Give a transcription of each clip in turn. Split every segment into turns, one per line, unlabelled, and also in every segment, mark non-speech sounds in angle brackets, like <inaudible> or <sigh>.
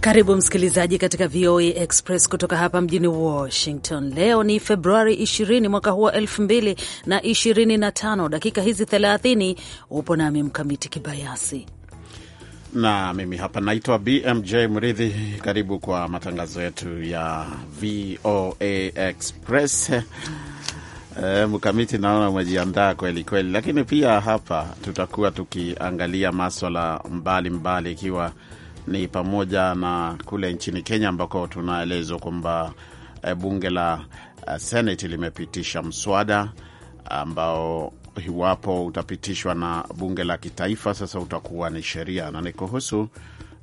Karibu msikilizaji katika VOA e Express kutoka hapa mjini Washington. Leo ni Februari 20 mwaka huu wa 2025. Dakika hizi 30 upo nami Mkamiti Kibayasi
na mimi hapa naitwa BMJ Mridhi. Karibu kwa matangazo yetu ya VOA e Express. Eh, Mkamiti, naona umejiandaa kweli kweli, lakini pia hapa tutakuwa tukiangalia maswala mbalimbali ikiwa mbali ni pamoja na kule nchini Kenya ambako tunaelezwa kwamba eh, bunge la eh, Seneti limepitisha mswada ambao iwapo utapitishwa na bunge la kitaifa, sasa utakuwa ni sheria na ni kuhusu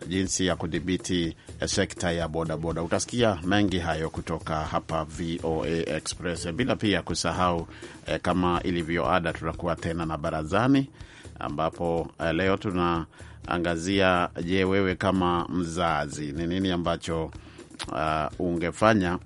jinsi ya kudhibiti eh, sekta ya bodaboda. Utasikia mengi hayo kutoka hapa VOA Express, bila pia kusahau e, kama ilivyo ada, tutakuwa tena na barazani ambapo e, leo tuna angazia, je, wewe kama mzazi ni nini ambacho uh, ungefanya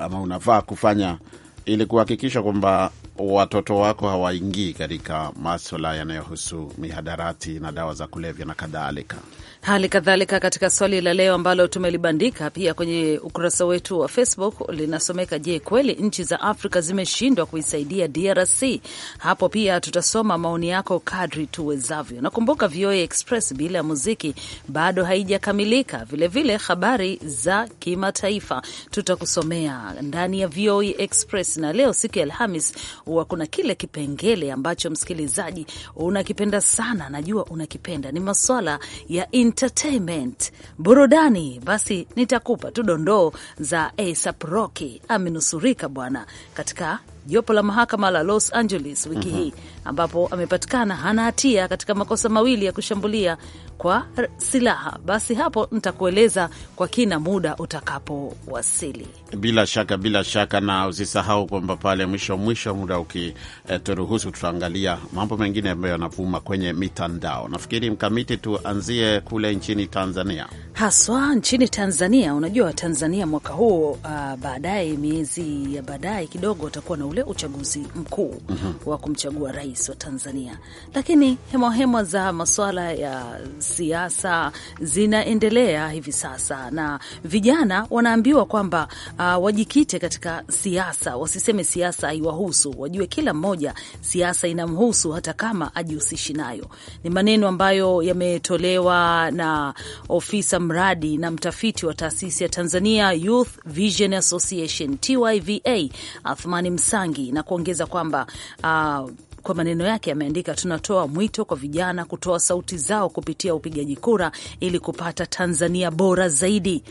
ama unafaa kufanya ili kuhakikisha kwamba watoto wako hawaingii katika maswala yanayohusu
mihadarati na dawa za kulevya na kadhalika. Hali kadhalika katika swali la leo ambalo tumelibandika pia kwenye ukurasa wetu wa Facebook linasomeka, je, kweli nchi za Afrika zimeshindwa kuisaidia DRC? Hapo pia tutasoma maoni yako kadri tuwezavyo. Nakumbuka VOA Express bila ya muziki bado haijakamilika. Vilevile habari za kimataifa tutakusomea ndani ya VOA Express, na leo siku ya Alhamis huwa kuna kile kipengele ambacho msikilizaji unakipenda sana, najua unakipenda, ni maswala ya entertainment, burudani. Basi nitakupa tu dondoo za ASAP Rocky, amenusurika bwana katika jopo la mahakama la Los Angeles wiki mm -hmm. hii ambapo amepatikana hana hatia katika makosa mawili ya kushambulia kwa silaha. Basi hapo nitakueleza kwa kina muda utakapowasili.
Bila shaka, bila shaka, na usisahau kwamba pale mwisho mwisho, muda ukituruhusu, eh, tutaangalia mambo mengine ambayo yanavuma kwenye mitandao. Nafikiri mkamiti, tuanzie kule nchini Tanzania,
haswa nchini Tanzania. Unajua Tanzania mwaka huo, uh, ah, baadaye miezi ya baadaye kidogo watakuwa na ule uchaguzi mkuu mm -hmm. wa kumchagua rais wa Tanzania, lakini hemahema za masuala ya siasa zinaendelea hivi sasa, na vijana wanaambiwa kwamba uh, wajikite katika siasa, wasiseme siasa haiwahusu, wajue kila mmoja siasa inamhusu hata kama ajihusishi nayo. Ni maneno ambayo yametolewa na ofisa mradi na mtafiti wa taasisi ya Tanzania Youth Vision Association TYVA Athmani Msa Msangi na kuongeza kwamba uh, kwa maneno yake ameandika, tunatoa mwito kwa vijana kutoa sauti zao kupitia upigaji kura ili kupata Tanzania bora zaidi.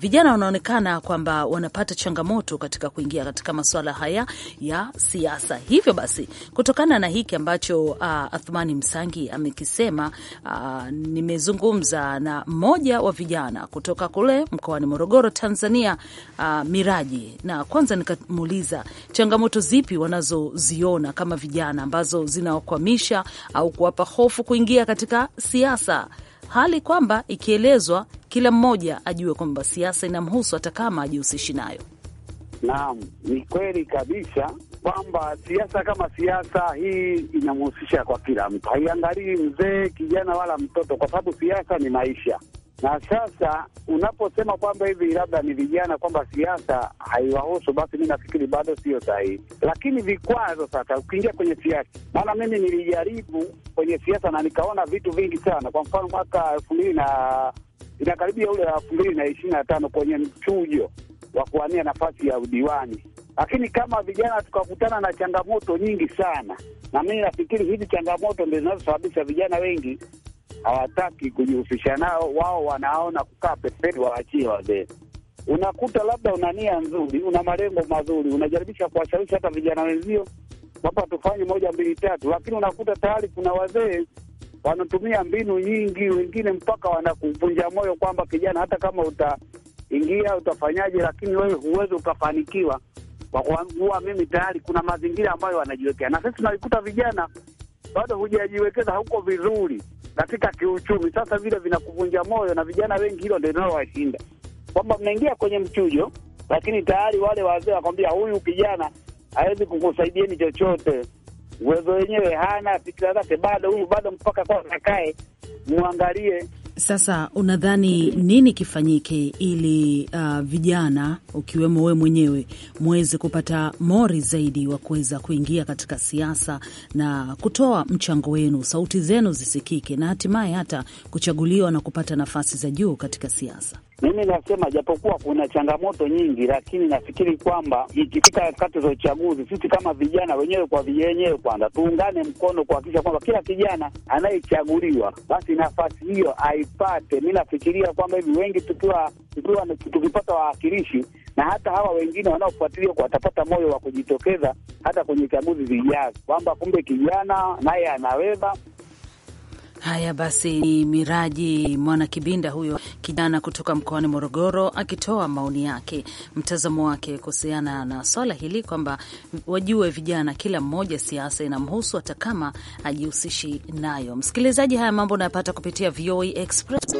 Vijana wanaonekana kwamba wanapata changamoto katika kuingia katika masuala haya ya siasa. Hivyo basi, kutokana na hiki ambacho uh, Athmani Msangi amekisema, uh, nimezungumza na mmoja wa vijana kutoka kule mkoani Morogoro, Tanzania, uh, Miraji, na kwanza nikamuuliza changamoto zipi wanazoziona kama vijana ambazo zinawakwamisha au kuwapa hofu kuingia katika siasa, hali kwamba ikielezwa kila mmoja ajue kwamba siasa inamhusu hata kama ajihusishi nayo.
Naam, ni kweli kabisa kwamba siasa kama siasa hii inamhusisha kwa kila mtu, haiangalii mzee, kijana wala mtoto, kwa sababu siasa ni maisha. Na sasa unaposema kwamba hivi labda ni vijana kwamba siasa haiwahusu, basi mi nafikiri bado siyo sahihi. Lakini vikwazo sasa, ukiingia kwenye siasa, maana mimi nilijaribu kwenye siasa na nikaona vitu vingi sana. Kwa mfano mwaka elfu mbili na inakaribia ule elfu mbili na ishirini na tano kwenye mchujo wa kuwania nafasi ya udiwani, lakini kama vijana tukakutana na changamoto nyingi sana, na mimi nafikiri hizi changamoto ndio zinazosababisha vijana wengi hawataki kujihusisha nao, wao wanaona kukaa pembeni, waachie wazee. Unakuta labda una nia nzuri, una malengo mazuri, unajaribisha kuwashawishi hata vijana wenzio kwamba tufanye moja mbili tatu, lakini unakuta tayari kuna wazee wanatumia mbinu nyingi, wengine mpaka wanakuvunja moyo kwamba kijana, hata kama utaingia utafanyaje, lakini wewe huwezi ukafanikiwa. Huwa mimi tayari kuna mazingira ambayo wanajiwekea, na sisi tunaikuta vijana bado hujajiwekeza, hauko vizuri katika kiuchumi. Sasa vile vinakuvunja moyo, na vijana wengi hilo ndio linalowashinda kwamba mnaingia kwenye mchujo, lakini tayari wale wazee wakwambia, huyu kijana hawezi kukusaidieni chochote, uwezo wenyewe hana, fikira zake bado, huyu bado mpaka kwa akae, mwangalie
sasa unadhani nini kifanyike ili uh, vijana ukiwemo wewe mwenyewe mweze kupata mori zaidi wa kuweza kuingia katika siasa na kutoa mchango wenu, sauti zenu zisikike, na hatimaye hata kuchaguliwa na kupata nafasi za juu katika siasa?
Mimi nasema japokuwa kuna changamoto nyingi, lakini nafikiri kwamba ikifika kati za uchaguzi, sisi kama vijana wenyewe kwa wenyewe, kwanza tuungane mkono kuhakikisha kwamba kila kijana anayechaguliwa basi nafasi hiyo aipate. Mi nafikiria kwamba hivi wengi tukiwa tukiwa tukipata wawakilishi na hata hawa wengine wanaofuatilia watapata moyo wa kujitokeza hata kwenye chaguzi zijazo, kwamba kumbe kijana naye anaweza
Haya basi, ni Miraji Mwanakibinda, huyo kijana kutoka mkoani Morogoro, akitoa maoni yake, mtazamo wake kuhusiana na swala hili, kwamba wajue vijana, kila mmoja siasa inamhusu hata kama ajihusishi nayo. Msikilizaji, haya mambo unayapata kupitia VOA e Express.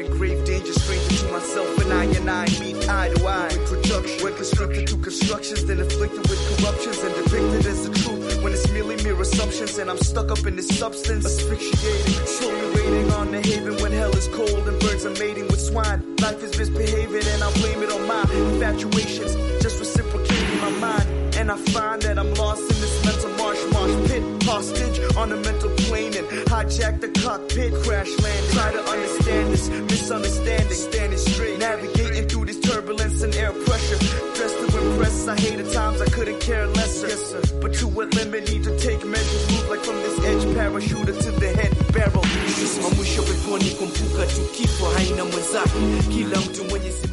in grave danger, stranger to myself and I and I meet eye to eye. Reproduction, we're constructed through constructions, then afflicted with corruptions and depicted as the truth when it's merely mere assumptions. And I'm stuck up in this substance, asphyxiated, slowly waiting on the haven when hell is cold and birds are mating with swine. Life is misbehaving and I blame it on my infatuations, just reciprocating my mind. And I find that I'm lost in this mental mosh pit. Hostage on a mental plane and hijack the cockpit. Crash land. Try to understand this misunderstanding. Standing straight. Navigating through this turbulence and air pressure. Dressed to impress. I hated times I couldn't care lesser. Yes, sir. But to a limit, need to take measures. Move like from this edge. Parachuter to the head barrel. Nikisimamishwa peponi kumbuka tu haina mwenzake. Kila mtu mwenye
simu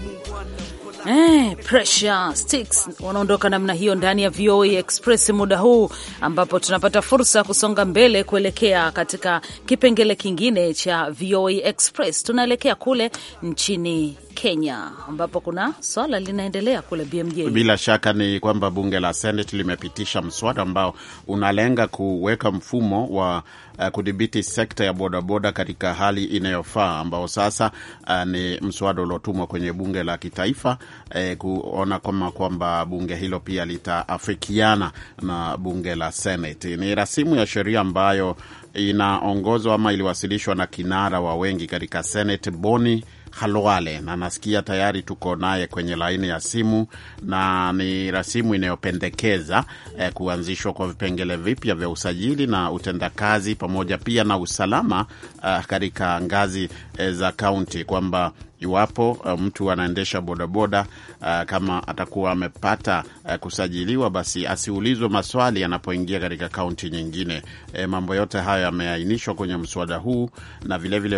Eh, pressure sticks wanaondoka namna hiyo ndani ya VOA Express muda huu ambapo tunapata fursa ya kusonga mbele kuelekea katika kipengele kingine cha VOA Express. Tunaelekea kule nchini Kenya ambapo kuna swala linaendelea kule BMJ. Bila
shaka ni kwamba bunge la Senate limepitisha mswada ambao unalenga kuweka mfumo wa uh, kudhibiti sekta ya bodaboda katika hali inayofaa ambao sasa uh, ni mswada uliotumwa kwenye bunge la kitaifa uh, kuona kama kwamba bunge hilo pia litaafikiana na bunge la Senate. Ni rasimu ya sheria ambayo inaongozwa ama iliwasilishwa na kinara wa wengi katika Senate Boni Halwale, na nasikia tayari tuko naye kwenye laini ya simu, na ni rasimu inayopendekeza eh, kuanzishwa kwa vipengele vipya vya usajili na utendakazi pamoja pia na usalama eh, katika ngazi eh, za kaunti kwamba iwapo uh, mtu anaendesha bodaboda uh, kama atakuwa amepata uh, kusajiliwa, basi asiulizwe maswali anapoingia katika kaunti nyingine. E, mambo yote hayo yameainishwa kwenye mswada huu, na vilevile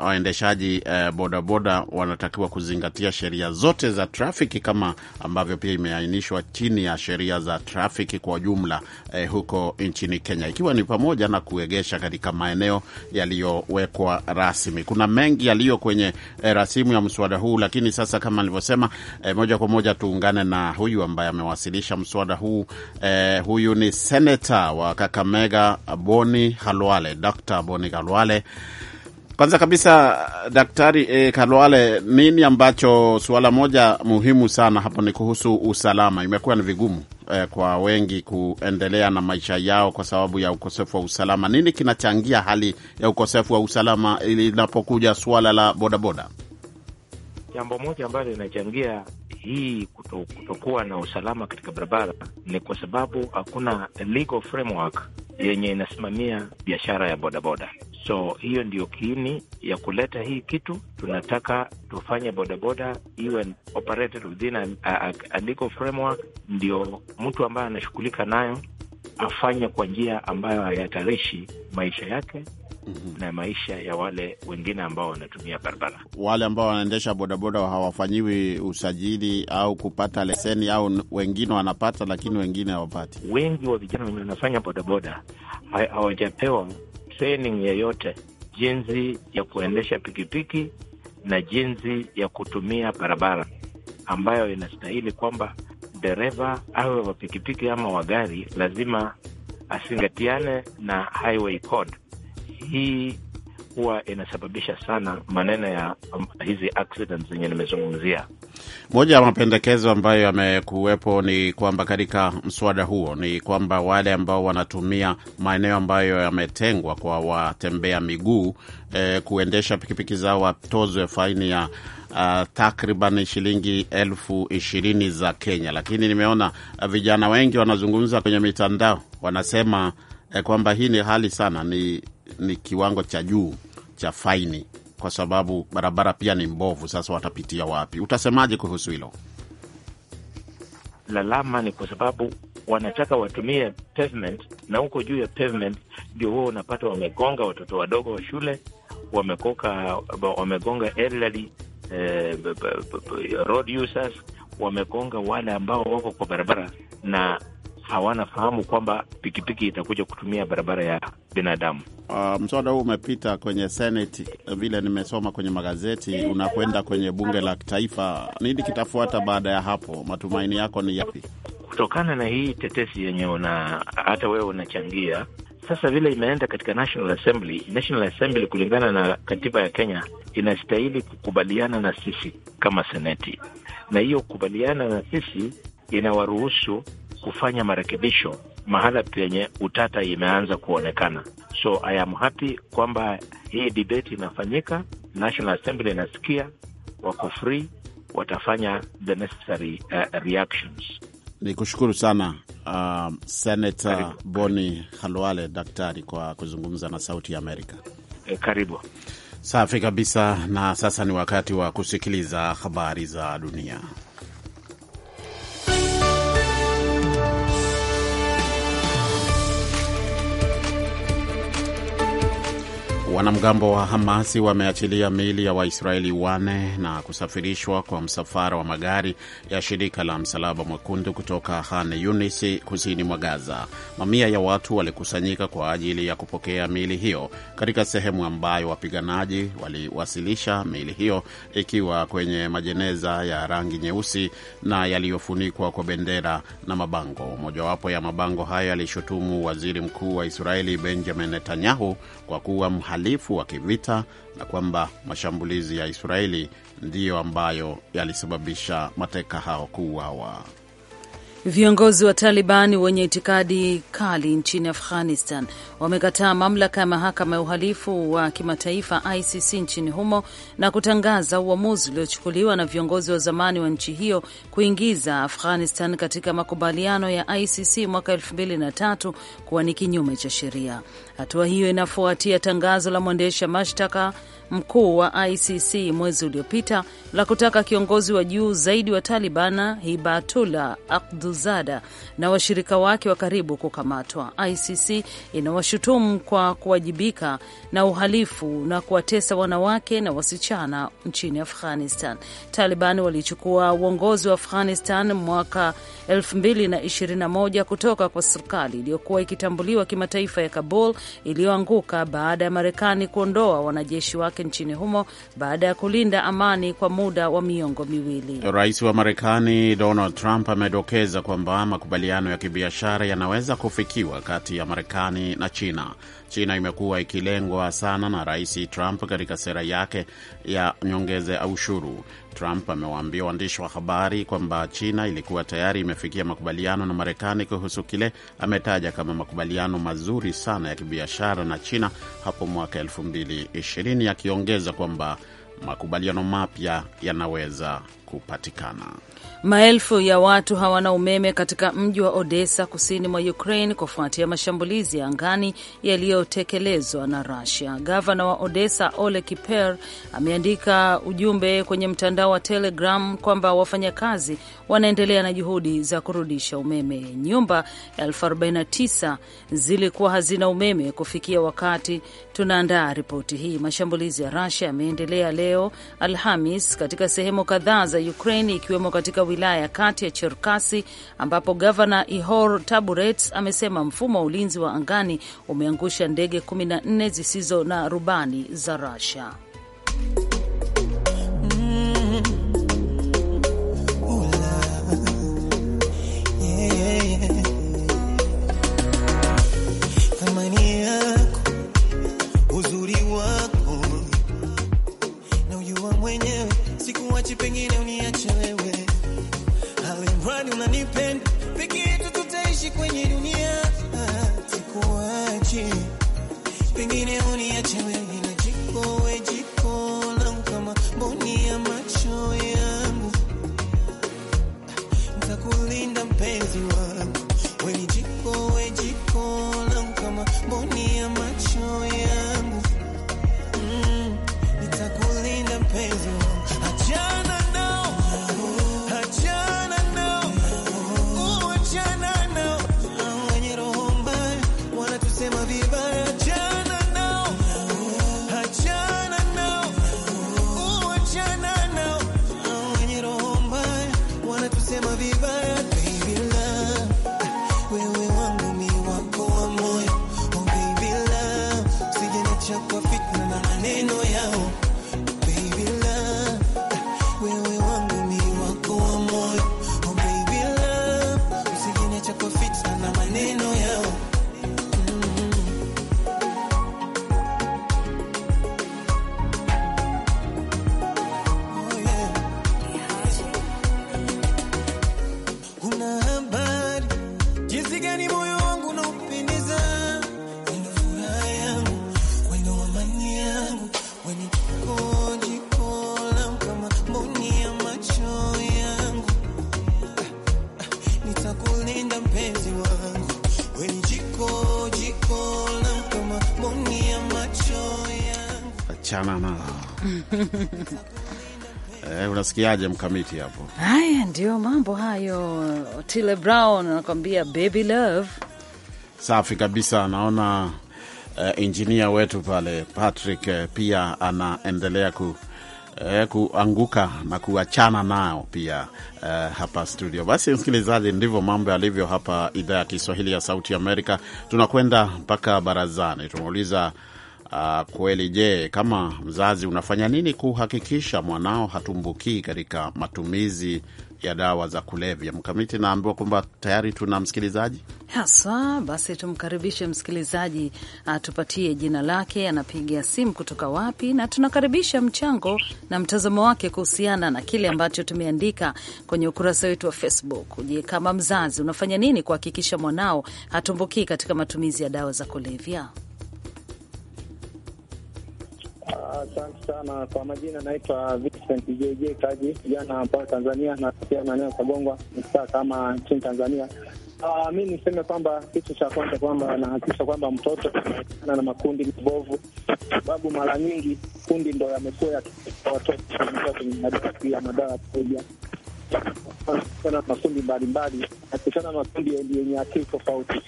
waendeshaji uh, bodaboda wanatakiwa kuzingatia sheria zote za trafiki kama ambavyo pia imeainishwa chini ya sheria za trafiki kwa jumla uh, huko nchini Kenya, ikiwa ni pamoja na kuegesha katika maeneo yaliyowekwa rasmi. Kuna mengi yaliyo kwenye uh, rasimu ya mswada huu, lakini sasa kama nilivyosema, eh, moja kwa moja tuungane na huyu ambaye amewasilisha mswada huu. Eh, huyu ni senata wa Kakamega Boni Halwale, Dr. Boni Halwale. Kwanza kabisa Daktari e, eh, Kalwale, nini ambacho, suala moja muhimu sana hapo ni kuhusu usalama. Imekuwa ni vigumu e, kwa wengi kuendelea na maisha yao kwa sababu ya ukosefu wa usalama. Nini kinachangia hali ya ukosefu wa usalama linapokuja suala la bodaboda boda?
jambo
moja ambalo linachangia hii kutokuwa na usalama katika barabara ni kwa sababu hakuna legal framework yenye inasimamia biashara ya bodaboda. So hiyo ndio kiini ya kuleta hii kitu. Tunataka tufanye bodaboda iwe operated within a, a, a legal framework, ndio mtu ambaye anashughulika nayo afanye kwa njia ambayo hayatarishi maisha yake -hmm. na maisha ya wale wengine ambao wanatumia barabara.
Wale ambao wanaendesha bodaboda hawafanyiwi usajili au kupata leseni, au wengine wanapata lakini wengine hawapati. Wengi wa vijana wenye wanafanya bodaboda hawajapewa training
yeyote jinsi ya kuendesha pikipiki na jinsi ya kutumia barabara ambayo inastahili kwamba dereva awe wa pikipiki ama wa gari lazima asingatiane na highway code hii huwa inasababisha sana maneno ya um, hizi accidents zenye nimezungumzia.
Moja ya mapendekezo ambayo yamekuwepo ni kwamba katika mswada huo ni kwamba wale ambao wanatumia maeneo ambayo yametengwa kwa watembea miguu eh, kuendesha pikipiki zao watozwe faini ya uh, takriban shilingi elfu ishirini za Kenya. Lakini nimeona ah, vijana wengi wanazungumza kwenye mitandao wanasema eh, kwamba hii ni hali sana, ni ni kiwango cha juu cha faini, kwa sababu barabara pia ni mbovu. Sasa watapitia wapi? Utasemaje kuhusu hilo?
Lalama ni kwa sababu wanataka watumie pavement, na huko juu ya pavement ndio huo unapata wamegonga watoto wadogo wa shule, wamekoka, wamegonga elderly, eh, road users, wamegonga wale ambao wako kwa barabara na hawanafahamu kwamba pikipiki itakuja kutumia barabara ya binadamu.
Uh, mswada huu umepita kwenye Senate, vile nimesoma kwenye magazeti, unakwenda kwenye bunge la kitaifa. Nini kitafuata baada ya hapo? Matumaini yako ni yapi kutokana na hii tetesi
yenye na hata wewe unachangia sasa vile imeenda katika National Assembly. National Assembly kulingana na katiba ya Kenya inastahili kukubaliana na sisi kama seneti, na hiyo kukubaliana na sisi inawaruhusu kufanya marekebisho mahala penye utata imeanza kuonekana. So I am happy kwamba hii debate inafanyika, National Assembly inasikia, wako free, watafanya
the necessary uh, reactions. Ni kushukuru sana uh, um, Senata Boni Halwale daktari kwa kuzungumza na Sauti ya Amerika. E, karibu. Safi kabisa, na sasa ni wakati wa kusikiliza habari za dunia. Wanamgambo wa Hamasi wameachilia miili ya Waisraeli wane na kusafirishwa kwa msafara wa magari ya shirika la Msalaba Mwekundu kutoka Khan Yunis, kusini mwa Gaza. Mamia ya watu walikusanyika kwa ajili ya kupokea miili hiyo katika sehemu ambayo wapiganaji waliwasilisha miili hiyo ikiwa kwenye majeneza ya rangi nyeusi na yaliyofunikwa kwa bendera na mabango. Mojawapo ya mabango hayo yalishutumu waziri mkuu wa Israeli Benjamin Netanyahu kwa kuwa uhalifu wa kivita na kwamba mashambulizi ya Israeli ndiyo ambayo yalisababisha mateka hao kuuawa.
Viongozi wa Talibani wenye itikadi kali nchini Afghanistan wamekataa mamlaka ya mahakama ya uhalifu wa kimataifa ICC nchini humo na kutangaza uamuzi uliochukuliwa na viongozi wa zamani wa nchi hiyo kuingiza Afghanistan katika makubaliano ya ICC mwaka 2003 kuwa ni kinyume cha sheria. Hatua hiyo inafuatia tangazo la mwendesha mashtaka mkuu wa ICC mwezi uliopita la kutaka kiongozi wa juu zaidi wa Taliban hibatula Akhundzada na washirika wake wa karibu kukamatwa. ICC inawashutumu kwa kuwajibika na uhalifu na kuwatesa wanawake na wasichana nchini Afghanistan. Taliban walichukua uongozi wa Afghanistan mwaka 2021 kutoka kwa serikali iliyokuwa ikitambuliwa kimataifa ya Kabul iliyoanguka baada ya Marekani kuondoa wanajeshi wake wake nchini humo baada ya kulinda amani kwa muda wa miongo miwili.
Rais wa Marekani Donald Trump amedokeza kwamba makubaliano ya kibiashara yanaweza kufikiwa kati ya Marekani na China China imekuwa ikilengwa sana na Rais Trump katika sera yake ya nyongeza ya ushuru. Trump amewaambia waandishi wa habari kwamba China ilikuwa tayari imefikia makubaliano na Marekani kuhusu kile ametaja kama makubaliano mazuri sana ya kibiashara na China hapo mwaka 2020 akiongeza kwamba makubaliano mapya yanaweza
kupatikana. Maelfu ya watu hawana umeme katika mji wa Odessa kusini mwa Ukraine kufuatia mashambulizi ya angani yaliyotekelezwa na Russia. Gavana wa Odessa Ole Kiper ameandika ujumbe kwenye mtandao wa Telegram kwamba wafanyakazi wanaendelea na juhudi za kurudisha umeme. Nyumba 49 zilikuwa hazina umeme kufikia wakati tunaandaa ripoti hii. Mashambulizi ya Russia yameendelea leo Alhamis katika sehemu kadhaa za Ukraine, ikiwemo katika wilaya ya kati ya Cherkasi, ambapo gavana Ihor Taburets amesema mfumo wa ulinzi wa angani umeangusha ndege 14 zisizo na rubani za Russia. kuachana na <laughs>
Eh, unasikiaje mkamiti hapo?
Haya ndio mambo hayo. Tile Brown anakuambia baby love.
Safi kabisa. Naona uh, eh, injinia wetu pale Patrick uh, pia anaendelea ku Eh, kuanguka na kuachana nao pia eh, hapa studio. Basi msikilizaji, ndivyo mambo yalivyo hapa idhaa ya Kiswahili ya Sauti Amerika. Tunakwenda mpaka barazani, tumeuliza Uh, kweli je, kama mzazi unafanya nini kuhakikisha mwanao hatumbukii katika matumizi ya dawa za kulevya? Mkamiti, naambiwa kwamba tayari tuna msikilizaji
haswa. Basi tumkaribishe msikilizaji atupatie jina lake, anapiga simu kutoka wapi, na tunakaribisha mchango na mtazamo wake kuhusiana na kile ambacho tumeandika kwenye ukurasa wetu wa Facebook. Je, kama mzazi unafanya nini kuhakikisha mwanao hatumbukii katika matumizi ya dawa za kulevya?
Asante sana kwa majina, naitwa Vincent JJ Kaji, kijana mpaka Tanzania, na pia maeneo Kagongwa mtaa kama nchini Tanzania. Uh, mi niseme kwamba kitu cha kwanza kwamba nahakikisha kwamba mtoto anaepukana na makundi mabovu, sababu mara nyingi kundi ndo yamekuwa yakiaa watoto kwenye madarasa ya madawa ya kulevya na makundi mbalimbali, akikutana makundi yenye akili tofauti.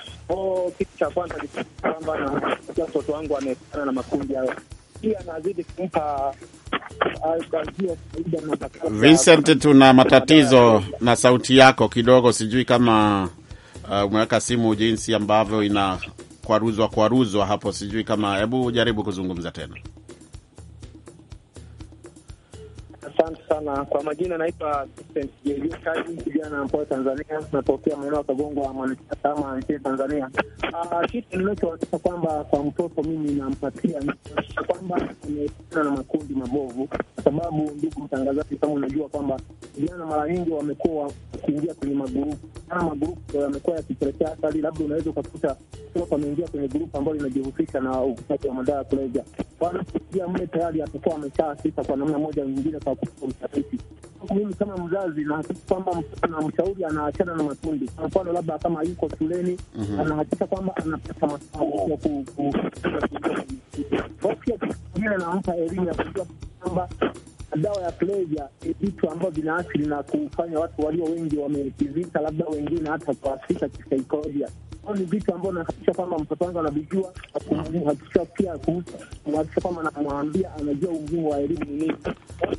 Kitu cha kwanza kwamba na watoto wangu anaepukana na makundi hayo pia kumpa ah, Vincent, tuna matatizo
na sauti yako kidogo, sijui kama uh, umeweka simu jinsi ambavyo ina kwaruzwa kwaruzwa hapo, sijui kama, hebu jaribu kuzungumza tena.
Asante sana kwa majina, naitwa kazi kijana ambayo Tanzania natokea maeneo akagongwa mwanasiasa ama nchini Tanzania. Ah, kitu ninachoonyesha kwamba kwa mtoto mimi nampatia kwamba imeana na makundi mabovu, kwa sababu ndugu mtangazaji, kama unajua kwamba vijana mara nyingi wamekuwa wakiingia kwenye magurupu na magurupu yamekuwa yakipelekea athari, labda unaweza ukakuta mtoto ameingia kwenye gurupu ambayo linajihusisha na uvutaji wa madawa ya kulevya, wanapoingia mle tayari atakuwa ameshaasika kwa namna moja nyingine kwa kutoa usafisi mimi kama mzazi na kwamba mshauri anaachana na makundi. Kwa mfano, labda kama yuko shuleni, mhm. anahakika kwamba anapata masomo ya kuingine, nampa elimu ya kujua kwamba dawa ya pleja ni vitu ambavyo vinaathiri na kufanya watu walio wengi wamekizika, labda wengine hata kuathirika kisaikolojia ni vitu ambao nahakikisha kwamba mtoto wangu anavijua, pia kuhakikisha kwamba namwambia anajua umuhimu wa elimu nini.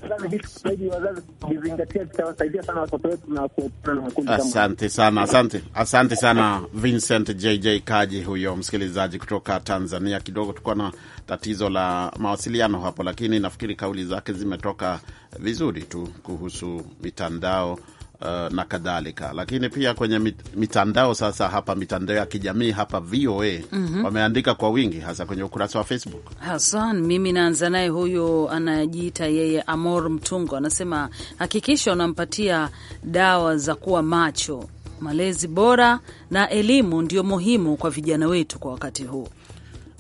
Nadhani vitu zaidi wazazi kuvizingatia vitawasaidia sana watoto wetu na kuepukana na makundi Asante sana, asante,
asante sana Vincent JJ Kaji, huyo msikilizaji kutoka Tanzania. Kidogo tulikuwa na tatizo la mawasiliano hapo, lakini nafikiri kauli zake zimetoka vizuri tu kuhusu mitandao uh, na kadhalika, lakini pia kwenye mitandao sasa, hapa mitandao ya kijamii hapa VOA mm -hmm. wameandika kwa wingi, hasa kwenye ukurasa wa Facebook.
Hasan, mimi naanza naye huyo anajiita yeye Amor Mtungo, anasema hakikisha unampatia dawa za kuwa macho, malezi bora na elimu ndio muhimu kwa vijana wetu kwa wakati huu.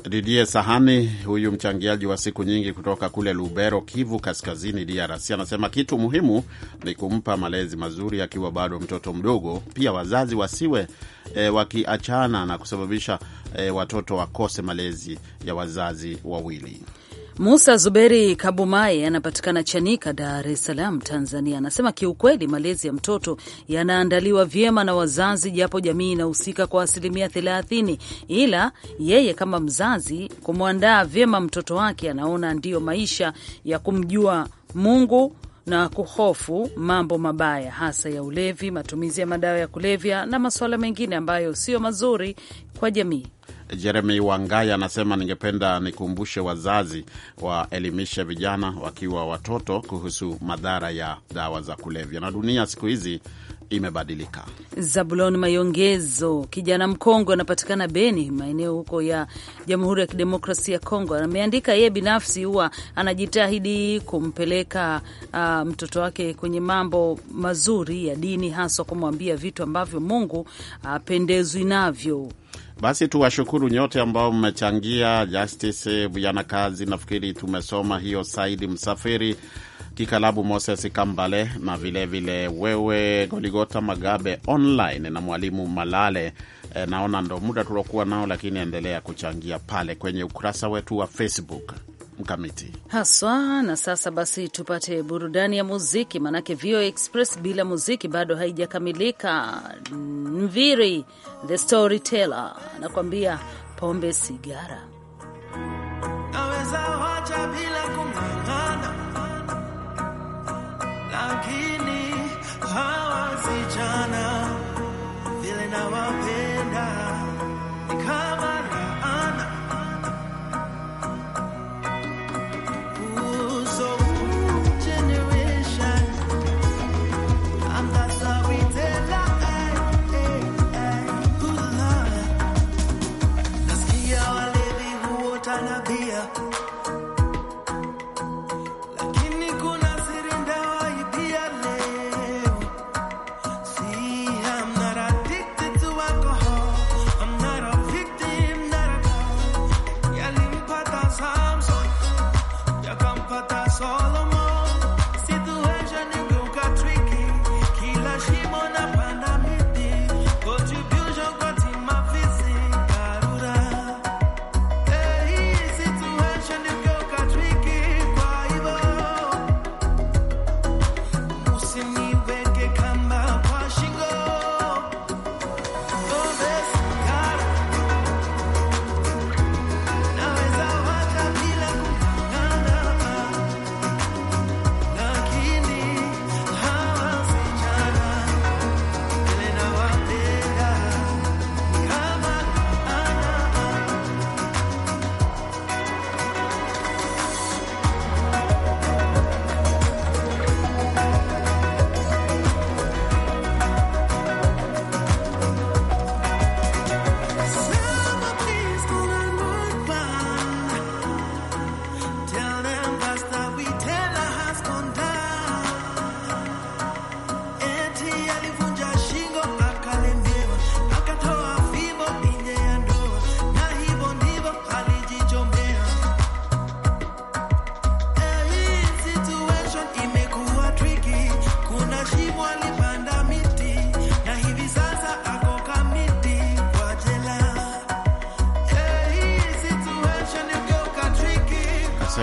Didie Sahani, huyu mchangiaji wa siku nyingi kutoka kule Lubero, Kivu Kaskazini, DRC, anasema kitu muhimu ni kumpa malezi mazuri akiwa bado mtoto mdogo. Pia wazazi wasiwe e, wakiachana na kusababisha e, watoto wakose malezi ya wazazi wawili.
Musa Zuberi Kabumai anapatikana Chanika, Dar es Salaam, Tanzania, anasema kiukweli malezi ya mtoto yanaandaliwa vyema na wazazi, japo jamii inahusika kwa asilimia thelathini, ila yeye kama mzazi kumwandaa vyema mtoto wake anaona ndiyo maisha ya kumjua Mungu na kuhofu mambo mabaya hasa ya ulevi, matumizi ya madawa ya kulevya na masuala mengine ambayo sio mazuri kwa jamii.
Jeremy Wangaya anasema ningependa nikumbushe wazazi waelimishe vijana wakiwa watoto kuhusu madhara ya dawa za kulevya, na dunia siku hizi imebadilika.
Zabulon Mayongezo, kijana mkongwe, anapatikana Beni, maeneo huko ya Jamhuri ya Kidemokrasia ya Kongo, ameandika yeye binafsi huwa anajitahidi kumpeleka uh, mtoto wake kwenye mambo mazuri ya dini, haswa kumwambia vitu ambavyo Mungu apendezwi uh, navyo
basi tuwashukuru nyote ambao mmechangia. Justice vijana Kazi, nafikiri tumesoma hiyo. Saidi Msafiri, Kikalabu Moses Kambale na vilevile vile wewe Goligota Magabe online na Mwalimu Malale. E, naona ndo muda tuliokuwa nao, lakini endelea kuchangia pale kwenye ukurasa wetu wa Facebook. Mkamiti
haswa. Na sasa basi tupate burudani ya muziki, maanake VOA Express bila muziki bado haijakamilika. Mviri the Storyteller anakuambia pombe sigara
lakini hawa vile nawapenda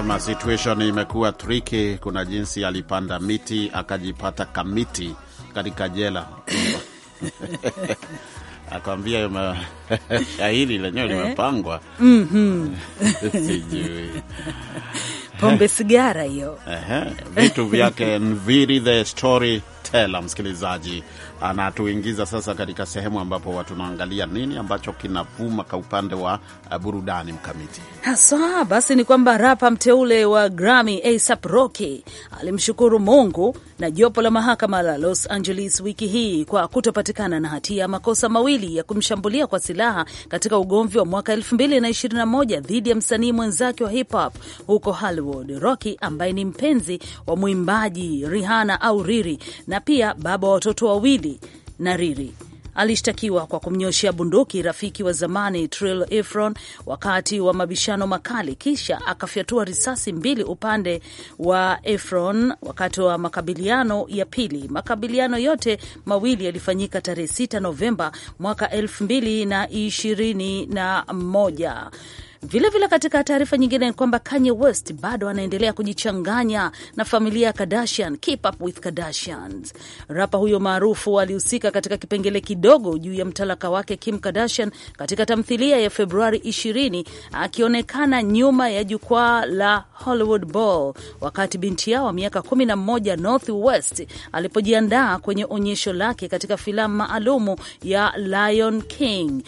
anasema situation imekuwa tricky. Kuna jinsi alipanda miti akajipata kamiti katika jela <laughs> akwambia ahili <laughs> lenyewe eh? limepangwa.
Mhm. <laughs> Sijui pombe sigara hiyo,
vitu vyake nviri the story Stela, msikilizaji, anatuingiza ah, sasa katika sehemu ambapo watu nini ambacho kinavuma kwa upande wa ah, burudani mkamiti
haswa. Basi ni kwamba rapa mteule wa Grammy ASAP Rocky alimshukuru Mungu na jopo la mahakama la Los Angeles wiki hii kwa kutopatikana na hatia ya makosa mawili ya kumshambulia kwa silaha katika ugomvi wa mwaka 2021 dhidi ya msanii mwenzake wa hip hop huko Hollywood. Rocky ambaye ni mpenzi wa mwimbaji Rihanna au Riri na na pia baba wa watoto wawili na riri alishtakiwa kwa kumnyoshea bunduki rafiki wa zamani Tril Efron wakati wa mabishano makali, kisha akafyatua risasi mbili upande wa Efron wakati wa makabiliano ya pili. Makabiliano yote mawili yalifanyika tarehe 6 Novemba mwaka elfu mbili na ishirini na moja. Vilevile vile katika taarifa nyingine ni kwamba Kanye West bado anaendelea kujichanganya na familia ya Kardashian, keep up with Kardashians. Rapa huyo maarufu alihusika katika kipengele kidogo juu ya mtalaka wake Kim Kardashian katika tamthilia ya Februari 20 akionekana nyuma ya jukwaa la Hollywood Bowl wakati binti yao wa miaka 11 North West alipojiandaa kwenye onyesho lake katika filamu maalumu ya Lion King.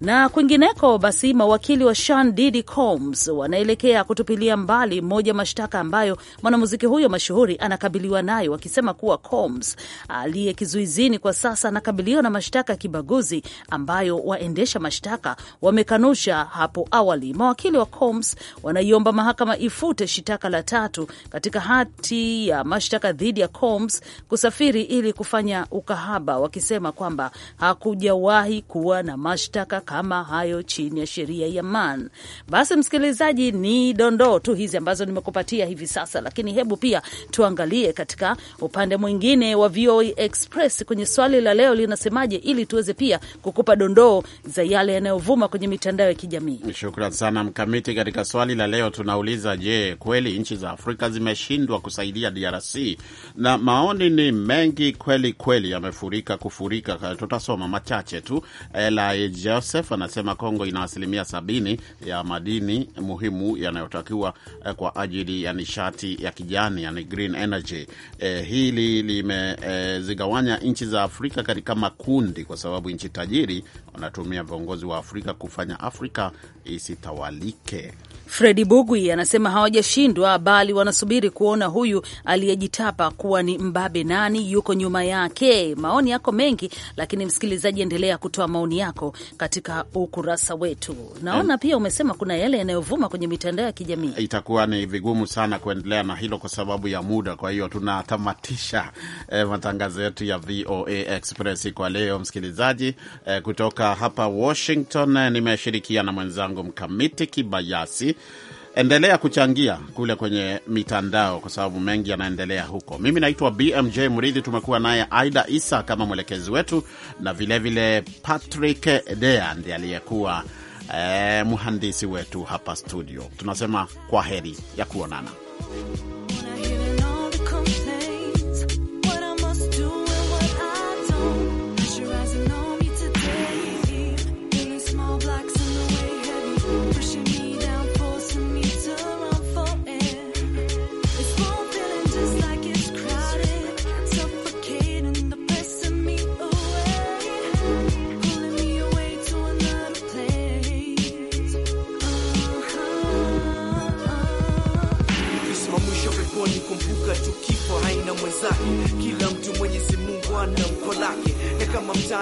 Na kwingineko basi, mawakili wa Sean Diddy Combs wanaelekea kutupilia mbali moja mashtaka ambayo mwanamuziki huyo mashuhuri anakabiliwa nayo, wakisema kuwa Combs aliye kizuizini kwa sasa anakabiliwa na mashtaka ya kibaguzi ambayo waendesha mashtaka wamekanusha hapo awali. Mawakili wa Combs wanaiomba mahakama ifute shitaka la tatu katika hati ya mashtaka dhidi ya Combs kusafiri ili kufanya ukahaba, wakisema kwamba hakujawahi kuwa na mashtaka kama hayo chini ya sheria ya MAN. Basi msikilizaji, ni dondoo tu hizi ambazo nimekupatia hivi sasa, lakini hebu pia tuangalie katika upande mwingine wa VOA Express kwenye swali la leo linasemaje, ili tuweze pia kukupa dondoo za yale yanayovuma kwenye mitandao ya kijamii.
Shukran sana Mkamiti. Katika swali la leo tunauliza, je, kweli nchi za Afrika zimeshindwa kusaidia DRC? Na maoni ni mengi kweli kweli, yamefurika kufurika. Tutasoma machache tu. Eli Joseph UNICEF anasema Kongo ina asilimia sabini ya madini muhimu yanayotakiwa eh, kwa ajili ya nishati ya kijani, yani green energy. E, hili limezigawanya e, nchi za Afrika katika makundi, kwa sababu nchi tajiri wanatumia viongozi wa Afrika kufanya Afrika isitawalike.
Fredi Bugwi anasema hawajashindwa, bali wanasubiri kuona huyu aliyejitapa kuwa ni mbabe nani yuko nyuma yake. Maoni yako mengi, lakini msikilizaji, endelea kutoa maoni yako katika ukurasa wetu. Naona hmm, pia umesema kuna yale yanayovuma kwenye mitandao ya kijamii.
Itakuwa ni vigumu sana kuendelea na hilo kwa sababu ya muda, kwa hiyo tunatamatisha eh, matangazo yetu ya VOA Express kwa leo, msikilizaji. Eh, kutoka hapa Washington eh, nimeshirikiana na mwenzangu Mkamiti Kibayasi endelea kuchangia kule kwenye mitandao, kwa sababu mengi yanaendelea huko. Mimi naitwa BMJ Mridhi, tumekuwa naye Aida Isa kama mwelekezi wetu na vilevile vile Patrick Dea ndiye aliyekuwa eh, mhandisi wetu hapa studio. Tunasema kwa heri ya kuonana.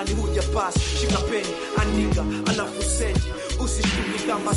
mtihani huja pasi, shika peni, andika alafu sendi, usishtuke kama